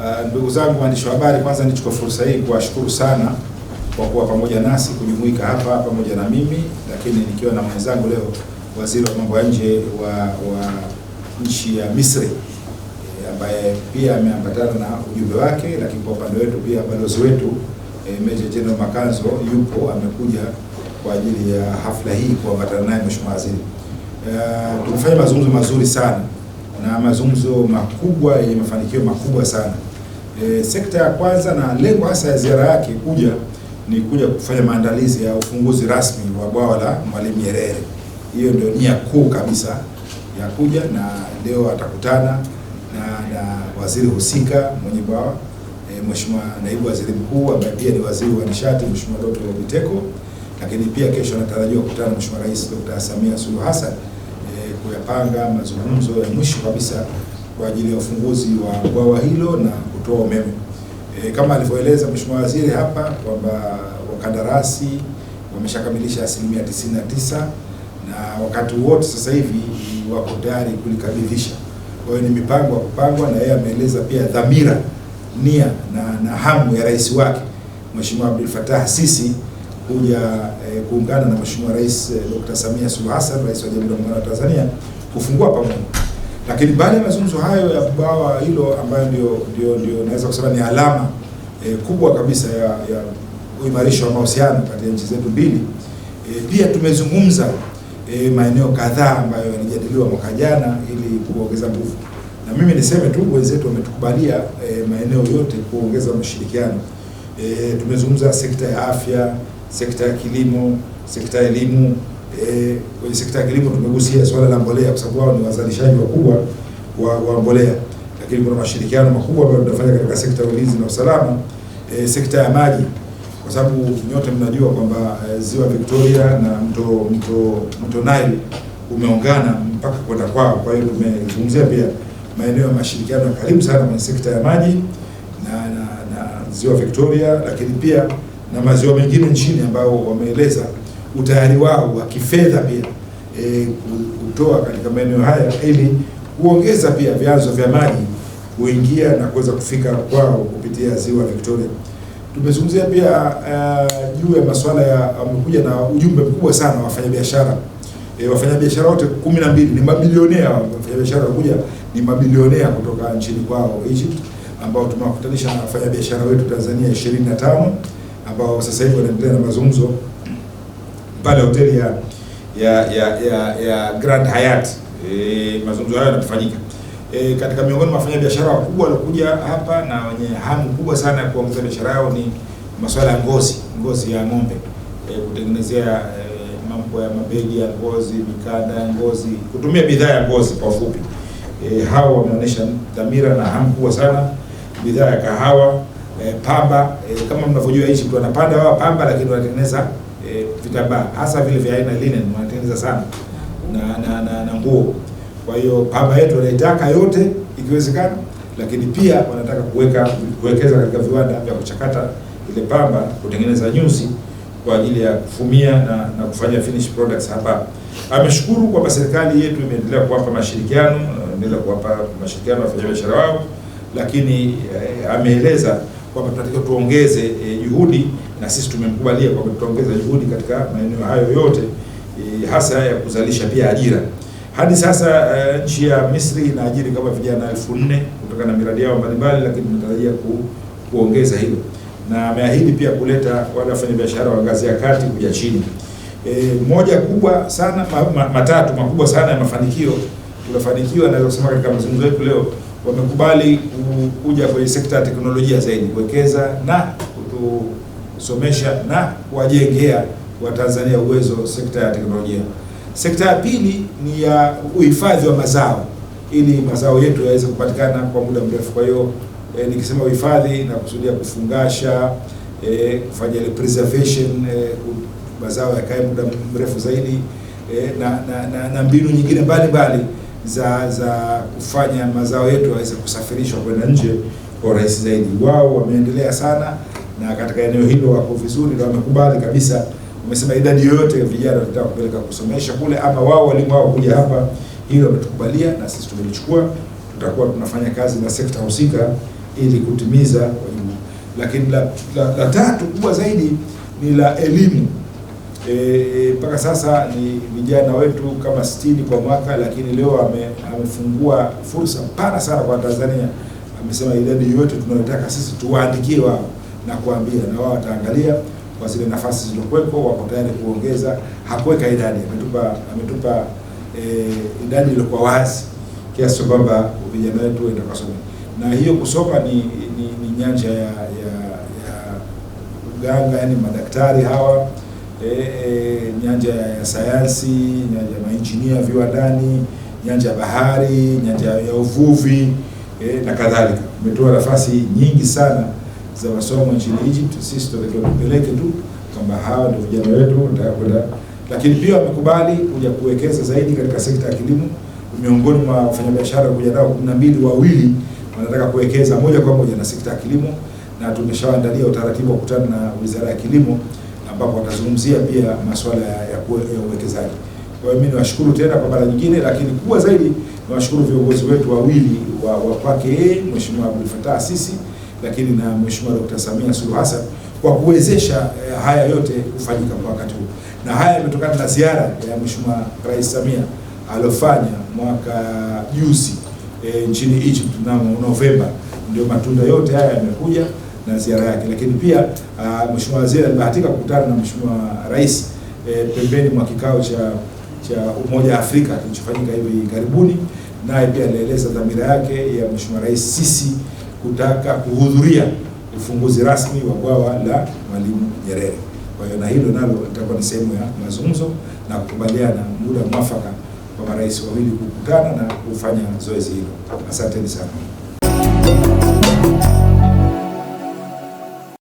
Eh, ndugu uh, zangu waandishi wa habari, kwanza nichukue fursa hii kuwashukuru sana kwa kuwa pamoja nasi kujumuika hapa pamoja na mimi, lakini nikiwa na mwenzangu leo waziri wa mambo ya nje wa wa nchi ya Misri e, ambaye pia ameambatana na ujumbe wake, lakini kwa upande wetu pia balozi wetu e, eh, Meja General Makanzo yupo amekuja kwa ajili ya hafla hii kuambatana naye mheshimiwa waziri. Uh, tumefanya mazungumzo mazuri sana na mazungumzo makubwa yenye mafanikio makubwa sana. E, sekta ya kwanza na lengo hasa ya ziara yake kuja ni kuja kufanya maandalizi ya ufunguzi rasmi wa bwawa la Mwalimu Nyerere. Hiyo ndio nia kuu kabisa ya kuja, na leo atakutana na, na waziri husika mwenye bwawa e, Mheshimiwa naibu waziri mkuu ambaye pia ni waziri wa nishati Mheshimiwa Dr. Biteko, lakini pia kesho anatarajiwa kukutana na Mheshimiwa Rais Dr. Samia Suluhu Hassan kupanga mazungumzo ya mwisho kabisa kwa ajili ya ufunguzi wa bwawa hilo na kutoa umeme. E, kama alivyoeleza Mheshimiwa Waziri hapa kwamba wakandarasi wameshakamilisha asilimia 99 na wakati wote sasa hivi wako tayari kulikabidhisha. Kwa hiyo ni mipango ya kupangwa, na yeye ameeleza pia dhamira, nia na, na hamu ya rais wake Mheshimiwa Abdul Fattah Sisi kuja e, kuungana na Mheshimiwa Rais e, Dr. Samia Suluhu Hassan, Rais wa Jamhuri ya Muungano wa Tanzania kufungua pamoja. Lakini baada ya mazungumzo hayo ya bwawa hilo ambayo ndio ndio ndio naweza kusema ni alama e, kubwa kabisa ya, ya uimarisho wa mahusiano kati ya nchi zetu mbili. E, pia tumezungumza e, maeneo kadhaa ambayo yalijadiliwa mwaka jana ili kuongeza nguvu, na mimi niseme tu wenzetu wametukubalia e, maeneo yote kuongeza ushirikiano. E, tumezungumza sekta ya afya, sekta ya kilimo, sekta ya elimu e, kwenye sekta ya kilimo tumegusia swala la mbolea, kwa sababu wao ni wazalishaji wakubwa wa, wa mbolea, lakini kuna mashirikiano makubwa ambayo tunafanya katika sekta ya ulinzi na usalama e, sekta ya maji kwa sababu nyote mnajua kwamba e, ziwa Victoria na mto mto mto Nile umeungana mpaka kwenda kwao. Kwa hiyo tumezungumzia pia maeneo ya mashirikiano ya karibu sana kwenye sekta ya maji na, na, na ziwa Victoria, lakini pia na maziwa mengine nchini ambayo wameeleza utayari wao wa kifedha pia e, kutoa katika maeneo haya ili kuongeza pia vyanzo vya maji kuingia na kuweza kufika kwao kupitia ziwa Victoria. Tumezungumzia pia juu uh, ya masuala ya amekuja na ujumbe mkubwa sana wafanyabiashara e, wafanyabiashara wote kumi na mbili ni mabilionea, wafanyabiashara wakuja ni mabilionea kutoka nchini kwao Egypt, ambao tumewakutanisha na wafanyabiashara wetu Tanzania 25 ambao sasa hivi wanaendelea na mazungumzo pale hoteli ya ya ya ya, ya Grand Hyatt. E, mazungumzo hayo yanafanyika e, katika miongoni mwa wafanyabiashara wakubwa waliokuja hapa na wenye hamu kubwa sana ya kuongeza biashara yao ni masuala ya ngozi, ngozi ya ng'ombe e, kutengenezea e, mambo ya mabegi ya ngozi, mikanda ya ngozi, kutumia bidhaa ya ngozi kwa ufupi. E, hawa wameonyesha dhamira na hamu kubwa sana. Bidhaa ya kahawa e, pamba e, kama mnavyojua hichi mtu wao pamba, lakini wanatengeneza vitambaa hasa vile vya aina linen wanatengeneza sana na na na, na nguo. Kwa hiyo pamba yetu wanaitaka yote ikiwezekana, lakini pia wanataka kuweka kuwekeza katika viwanda vya kuchakata ile pamba kutengeneza nyuzi kwa ajili ya kufumia na, na kufanya finish products hapa. Ameshukuru kwamba serikali yetu imeendelea kuwapa mashirikiano, imeendelea kuwapa mashirikiano wafanyabiashara wao, lakini eh, ameeleza kwamba tunatakiwa tuongeze e, juhudi na sisi tumemkubalia kwamba tutaongeza juhudi katika maeneo hayo yote e, hasa ya kuzalisha pia ajira. Hadi sasa e, nchi ya Misri inaajiri kama vijana elfu nne kutokana na miradi yao mbalimbali, lakini tunatarajia ku, kuongeza hilo, na ameahidi pia kuleta wale wafanyabiashara wa ngazi ya kati kuja chini. E, moja kubwa sana ma, ma, matatu makubwa sana ya mafanikio tunafanikiwa, naweza kusema katika mazungumzo yetu leo wamekubali kuja kwenye sekta ya teknolojia zaidi kuwekeza na kutusomesha na kuwajengea Watanzania uwezo sekta ya teknolojia. Sekta ya pili ni ya uhifadhi wa mazao ili mazao yetu yaweze kupatikana kwa muda mrefu. Kwa hiyo e, nikisema uhifadhi na kusudia kufungasha, e, kufanya ile preservation e, mazao yakae muda mrefu zaidi e, na, na, na, na mbinu nyingine mbalimbali za za kufanya mazao yetu yaweze kusafirishwa kwenda nje kwa urahisi zaidi. Wao wameendelea sana na katika eneo hilo wako vizuri na wamekubali kabisa, wamesema idadi yoyote ya vijana tutaka kupeleka kusomesha kule, ama wao walimu wao kuja hapa. Hilo wametukubalia na sisi tumelichukua, tutakuwa tunafanya kazi na sekta husika ili kutimiza wajibu. Lakini la, la, la tatu kubwa zaidi ni la elimu. E, e, mpaka e, sasa ni vijana wetu kama 60 kwa mwaka, lakini leo ame, amefungua fursa pana sana kwa Tanzania. Amesema idadi yote tunayotaka sisi tuwaandikie wao na kuambia, na wao wataangalia kwa zile nafasi zilizokuwepo, wako tayari kuongeza. Hakuweka idadi, ametupa ametupa e, idadi iliyokuwa wazi kiasi cha kwamba vijana wetu waenda kusoma, na hiyo kusoma ni, ni, ni nyanja ya ya, ya uganga, yani madaktari hawa e, e, nyanja ya sayansi, nyanja ya mainjinia viwandani, nyanja ya bahari, nyanja ya uvuvi e, na kadhalika. Umetoa nafasi nyingi sana za masomo nchini Egypt. Sisi tunatakiwa tupeleke tu kwamba hawa ndio vijana wetu nataka kwenda, lakini pia wamekubali kuja kuwekeza zaidi katika sekta ya kilimo. Miongoni mwa wafanyabiashara kuja nao kumi na mbili, wawili wanataka kuwekeza moja kwa moja na sekta ya kilimo, na tumeshaandalia utaratibu wa kukutana na Wizara ya Kilimo ambapo watazungumzia pia masuala ya uwekezaji. Kwa hiyo mimi niwashukuru tena kwa mara nyingine, lakini kubwa zaidi niwashukuru viongozi wetu wawili wa, wa kwake yeye Mheshimiwa Abdul Fattah Sisi, lakini na Mheshimiwa Dr. Samia Suluhu Hassan kwa kuwezesha eh, haya yote kufanyika kwa wakati huu, na haya yametokana na ziara ya Mheshimiwa Rais Samia aliofanya mwaka juzi eh, nchini Egypt mnamo Novemba, ndio matunda yote haya yamekuja na ziara yake, lakini pia ah, mheshimiwa waziri alibahatika kukutana na mheshimiwa rais eh, pembeni mwa kikao cha cha Umoja wa Afrika kilichofanyika hivi karibuni, naye pia alieleza dhamira yake ya mheshimiwa rais sisi kutaka kuhudhuria ufunguzi rasmi wa bwawa la Mwalimu Nyerere. Kwa hiyo na hilo nalo litakuwa ni sehemu ya mazungumzo na kukubaliana muda mwafaka kwa marais wawili kukutana na kufanya zoezi hilo. Asanteni sana.